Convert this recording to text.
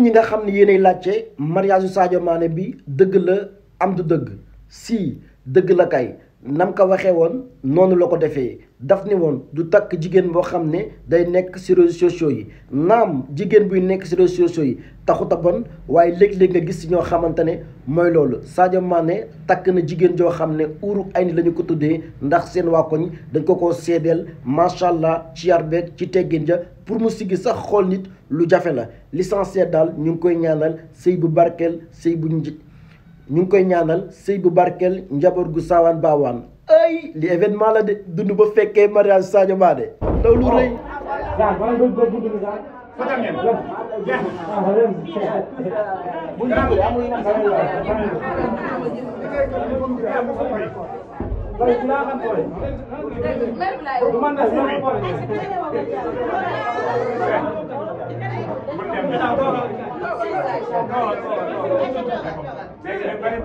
ñi nga xam ne yéenay laajte mariage Sadio Mané bi dëgg la am du dëgg si dëgg la kay nam ko waxee woon noonu la ko defee daf ne woon du takk jigéen boo xam ne day nekk ci réseaux sociaux yi naam jigéen buy nekk ci réseaux sociaux yi taxut a bon waaye léeg-léeg nga gis ci ñoo xamante ne mooy loolu Sadio Mané takk na jigéen joo xam ne uuru ay ni la ko tuddee ndax seen waa koñ dañ ko ko seedeel macha allah ci yar ci teggin ja pour mu siggi sax xool nit lu jafe la l'essentiel daal ñu ngi koy ñaanal sëy bu barkeel sëy bu njëkk ñu ngi koy ñaanal sëy bu barkeel njaboot gu saawaan baawaan ay la de ba fekkee mariage Sadio Mané